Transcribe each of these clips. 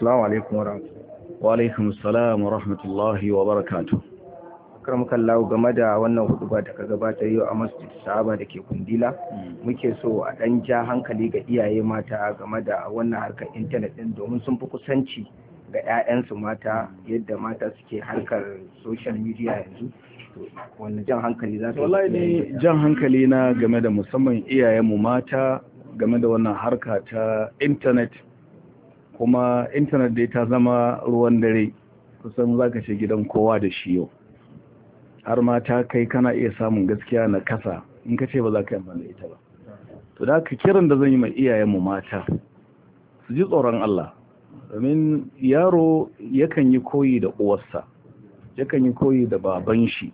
Assalamu alaikum wa rahmatullahi wa alaikum assalam wa rahmatullahi wa barakatuh karmuka Allah game da wannan huduba da ka gabata yau a masjid sahaba da ke kundila hmm. muke so a dan ja hankali ga iyaye mata game da wannan harkar intanet din domin sun fi kusanci ga 'ya'yansu mata yadda mata suke harkar social media yanzu wannan jan hankali za su wallahi ne jan hankali na game da musamman iyayenmu mata game da wannan harka ta intanet kuma intanet dai ta zama ruwan dare kusan za ka ce gidan kowa da shi yau har ma ta kai kana iya samun gaskiya na kasa in ka ce ba za ka yi da ita ba to da ka kiran da zan yi mai iyayenmu mata su ji tsoron Allah domin yaro yakan yi koyi da uwarsa yakan yi koyi da baban shi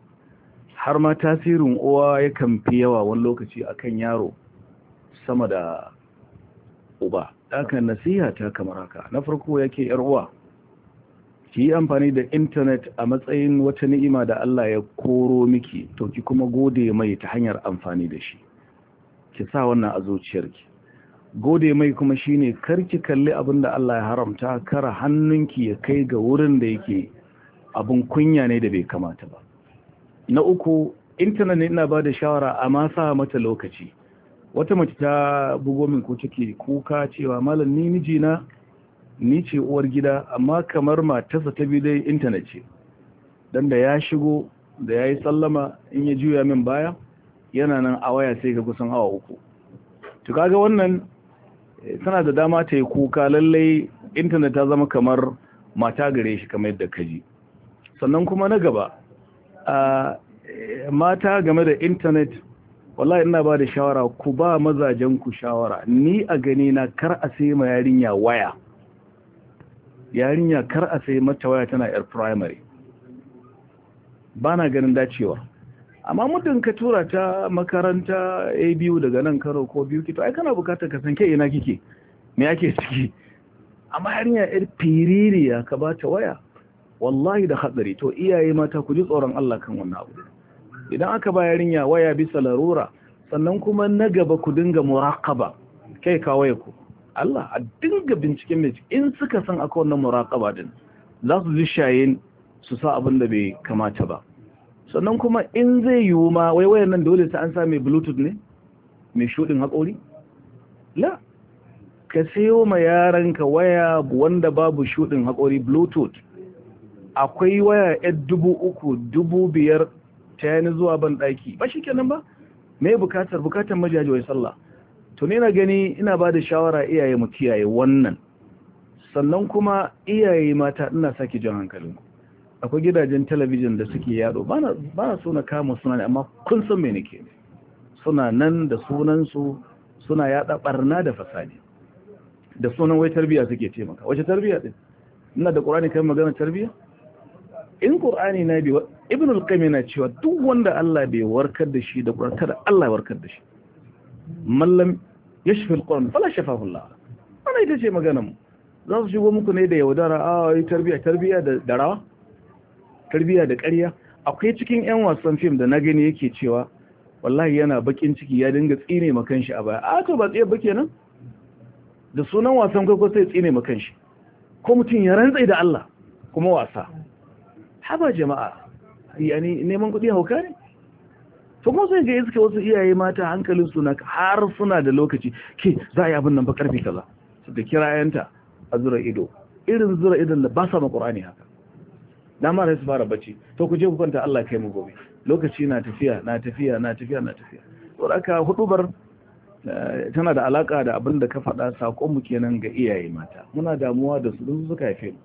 har ma tasirin uwa yakan fi yawa wani lokaci akan yaro sama da uba haka nasiha ta kamar haka na farko yake yar uwa ki yi amfani da intanet a matsayin wata ni'ima da Allah ya koro miki to ki kuma gode mai ta hanyar amfani da shi ki sa wannan a zuciyarki gode mai kuma shine ki kalli abin da Allah ya haramta kara hannunki ya kai ga wurin da yake abin kunya ne da bai kamata ba na uku intanet ne ina ba da shawara a ma sa mata lokaci wata mace ta bugo min ko take kuka cewa malam ni mijina ni ce uwar gida amma kamar matarsa ta bi dai intanet ce dan da ya shigo da ya yi sallama in ya juya min baya yana nan a waya sai ga kusan awa uku to kaga wannan eh, tana da dama ta yi kuka lallai intanet ta zama kamar mata gare shi kamar yadda kaji sannan kuma na gaba ah, eh, mata game da intanet wallahi ina ba da shawara ku ba mazajen ku shawara ni a gani na kar a sai ma yarinya waya yarinya kar a sai mata waya tana yar primary ba na ganin dacewa amma muddin ka tura ta makaranta a biyu daga nan karo ko biyu kito ai kana bukatar ka san ke ina kike me yake ciki amma yarinya yar fiririya ka ba ta waya wallahi da hatsari to iyaye mata ku ji tsoron Allah kan wannan abu idan aka ba yarinya waya bisa larura sannan kuma na gaba ku dinga muraqaba kai ka waya ku Allah a dinga binciken mai in suka san akwai wannan muraqaba din za su zishaye su sa abin da bai kamata ba sannan kuma in zai yiwu ma wai wayan nan dole ta an sa mai bluetooth ne mai shudin haƙori la ka sayo ma yaranka waya wanda babu shuɗin haƙori bluetooth akwai waya yar dubu uku dubu biyar ta yana zuwa ban ɗaki ba shi kenan ba me bukatar bukatar majaji wai sallah to ne na gani ina ba da shawara iyaye mu kiyaye wannan sannan kuma iyaye mata ina sake jan hankalinku akwai gidajen talabijin da suke yado ba na so na kama suna ne amma kun san me nake suna nan da sunansu suna yada barna da fasadi da sunan wai tarbiya suke taimaka wace tarbiya din ina da qur'ani kai magana tarbiya in qur'ani na biyu ibn al-qayyim na cewa duk wanda Allah bai warkar da shi da qur'ani kada Allah warkar da shi mallam yashfi al-qur'an fala shafahu Allah ana ita ce magana mu za su shigo muku ne da yaudara a ah, yi tarbiya tarbiya da darawa tarbiya da ƙarya akwai cikin yan wasan fim da na gani yake cewa wallahi yana bakin ciki ya dinga tsine makan shi a baya a ah, to ba tsaye ba kenan da sunan wasan kwaikwayo sai tsine makan shi ko mutum ya rantsa da Allah kuma wasa haba jama'a yani neman kuɗi hauka ne to kuma sai ga iska wasu iyaye mata hankalin suna har suna da lokaci ke za a yi abin nan ba karfi kaza su da kirayenta a zura ido irin zura idon da ba sa ma qur'ani haka na mara su fara bacci to ku je ku kwanta Allah kai mu gobe lokaci na tafiya na tafiya na tafiya na tafiya to haka hudubar eh, tana da alaka da abin da ka faɗa sakon mu kenan ga iyaye mata muna damuwa da su don suka haife mu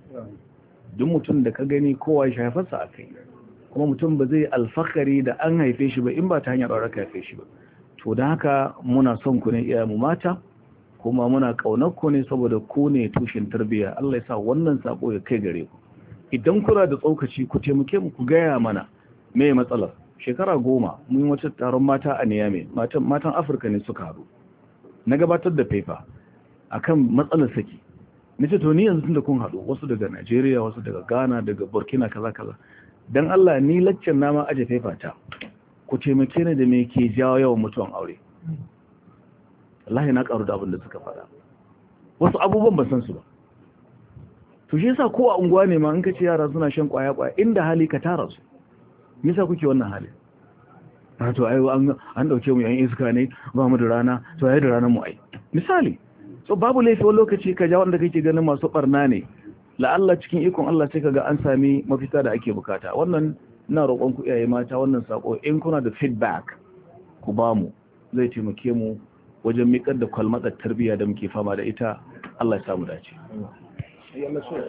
duk mutum da ka gani kowa ya haifarsa a kai kuma mutum ba zai alfakari da an haife shi ba in ba ta hanyar aure ka haife shi ba to da haka muna son ku ne mu mata kuma muna ƙaunar ku ne saboda ku ne tushen tarbiyya Allah ya sa wannan sako ya kai gare ku idan kuna da tsokaci ku taimake mu ku gaya mana me matsalar shekara goma mun wata taron mata a Niamey matan matan Afirka ne suka haɗu na gabatar da paper akan matsalar saki nace to ni yanzu tunda kun haɗu wasu daga Najeriya wasu daga Ghana daga Burkina kaza kaza dan Allah ni laccan na ma aje ta. ku taimake ni da me ke jawo yawan mutuwan aure wallahi na karu da abin da suka faɗa wasu abubuwan ba san su ba to shi yasa ko a unguwa ne ma in ka ce yara suna shan kwaya kwaya inda hali ka tara su me yasa kuke wannan hali na ah, to ai an dauke mu yan iska ne ba mu da rana to ai da rana mu ai misali so babu laifi wani lokaci ka ja wanda kake ganin masu barna ne la'alla cikin ikon Allah sai kaga an sami mafita da ake bukata wannan ina roƙon ku iyaye mata wannan sako in kuna da feedback ku ba mu zai taimake mu wajen miƙar da kalmar tarbiyya da muke fama da ita Allah ya samu dace